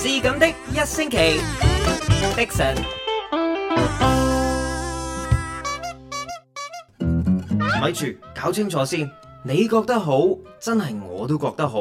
是咁的一星期迪燊，咪住，搞清楚先。你覺得好，真係我都覺得好。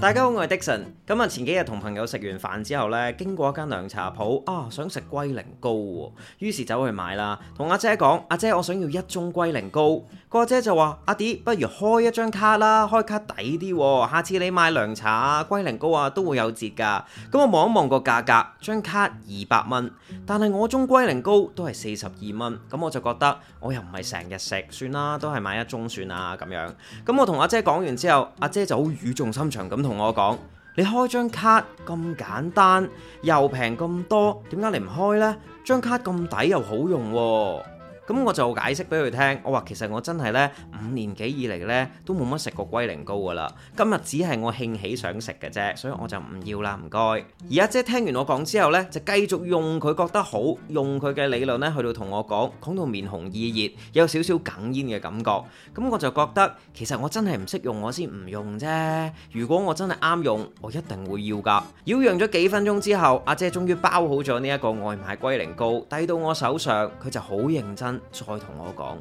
大家好，我係 Dickson。咁啊，前幾日同朋友食完飯之後咧，經過一間涼茶鋪啊，想食龜苓膏，於是走去買啦。同阿姐講：阿姐,姐，我想要一盅龜苓膏。個阿姐就話：阿 D，ee, 不如開一張卡啦，開卡抵啲。下次你買涼茶、龜苓膏啊，都會有折噶。咁、嗯、我望一望個價格，張卡二百蚊，但係我盅龜苓膏都係四十二蚊。咁、嗯、我就覺得我又唔係成日食，算啦，都係買一盅算啦咁樣。咁、嗯、我同阿姐講完之後，阿姐,姐就好語重心長咁同。同我講，你開張卡咁簡單，又平咁多，點解你唔開呢？張卡咁抵又好用喎、啊。咁我就解釋俾佢聽，我話其實我真係咧五年幾以嚟咧都冇乜食過龜苓膏噶啦，今日只係我興起想食嘅啫，所以我就唔要啦，唔該。而阿姐聽完我講之後呢，就繼續用佢覺得好，用佢嘅理論呢，去到同我講，講到面紅耳熱，有少少哽咽嘅感覺。咁我就覺得其實我真係唔識用，我先唔用啫。如果我真係啱用，我一定會要噶。擾攘咗幾分鐘之後，阿姐終於包好咗呢一個外賣龜苓膏，遞到我手上，佢就好認真。再同我講，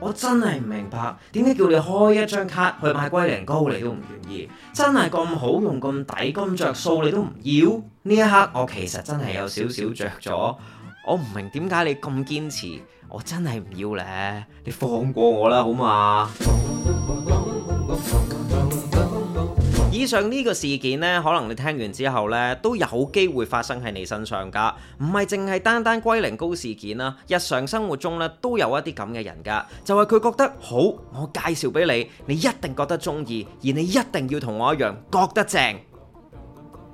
我真係唔明白，點解叫你開一張卡去買龜苓膏，你都唔願意？真係咁好用、咁抵、咁着數，你都唔要？呢一刻我其實真係有少少着咗，我唔明點解你咁堅持，我真係唔要咧，你放過我啦，好嘛？ 以上呢個事件呢，可能你聽完之後呢，都有機會發生喺你身上噶唔係淨係單單龜苓膏事件啦，日常生活中呢，都有一啲咁嘅人噶，就係、是、佢覺得好，我介紹俾你，你一定覺得中意，而你一定要同我一樣覺得正。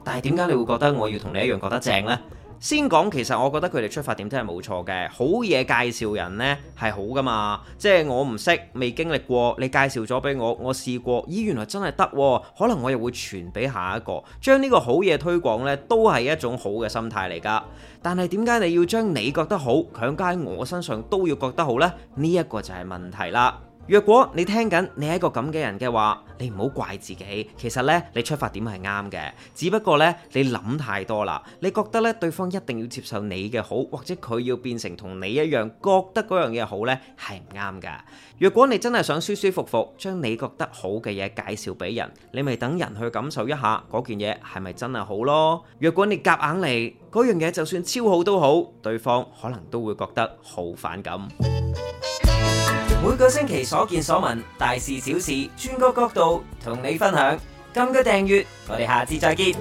但係點解你會覺得我要同你一樣覺得正呢？先講，其實我覺得佢哋出發點真係冇錯嘅，好嘢介紹人呢係好噶嘛，即係我唔識，未經歷過，你介紹咗俾我，我試過，咦原來真係得，可能我又會傳俾下一個，將呢個好嘢推廣呢，都係一種好嘅心態嚟噶。但係點解你要將你覺得好強加喺我身上都要覺得好呢？呢一個就係問題啦。若果你聽緊你係一個咁嘅人嘅話，你唔好怪自己。其實呢，你出發點係啱嘅，只不過呢，你諗太多啦。你覺得呢，對方一定要接受你嘅好，或者佢要變成同你一樣覺得嗰樣嘢好呢，係唔啱㗎。若果你真係想舒舒服服，將你覺得好嘅嘢介紹俾人，你咪等人去感受一下嗰件嘢係咪真係好咯。若果你夾硬嚟，嗰樣嘢，就算超好都好，對方可能都會覺得好反感。每個星期所見所聞，大事小事，轉個角度同你分享。撳個訂閱，我哋下次再見。